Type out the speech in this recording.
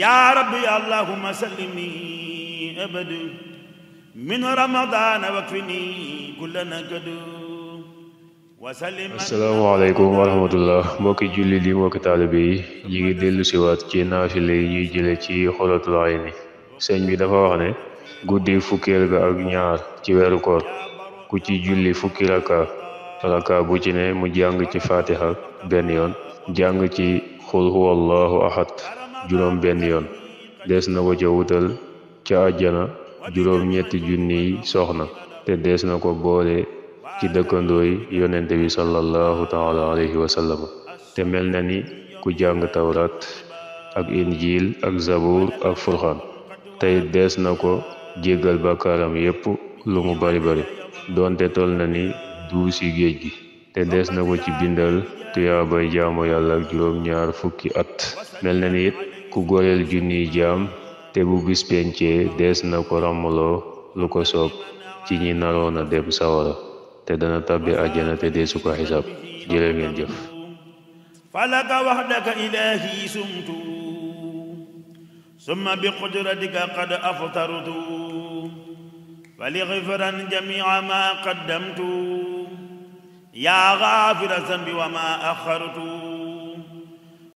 yaa rabbi allahumma sallimni abad min ramadaan wakfini kulla nakad asalaamaaleykum wa rahmatullah mbokki julli di mbokki taalibe yi ngi dellu siwaat ci naafile yi ñuy jële ci xuratul ayni sëñ bi dafa wax ne guddi fukkeel ga ak ñaar ci weeru koor ku ci julli fukki rakka rakka bu ci ne mu jàng ci faatiha benn yoon jàng ci xul huwallahu ahad juróom benn yoon des na ko ca wutal ca àjjana juróom ñetti junniy soxna te des na ko boole ci dëkkandooy yonente bi sallallahu taala alayhi wa te mel na ni ku jàng tawrat ak injil ak zabur ak furxaan tey dees na ko jéggal bàkkaaram yépp lu mu bari bari doonte tol na ni duusi géej gi te des na ko ci bindal tuyaabay jaamu yàlla ak juróom ñaar fukki at mel na ni ku goreel junniy jaam te bu bis pencee dees na ko ràmmloo lu ko soob ci ñi naroon a dem sawara te dana tabbi àjjana te deesu ko xisaab jërë ngeen jëf falaka waxdaka ilaahi sumtu summa bi qudratika qad aftartu fa li xifran jamiia ma qaddamtu yaa gaafira zambi wa ma axartu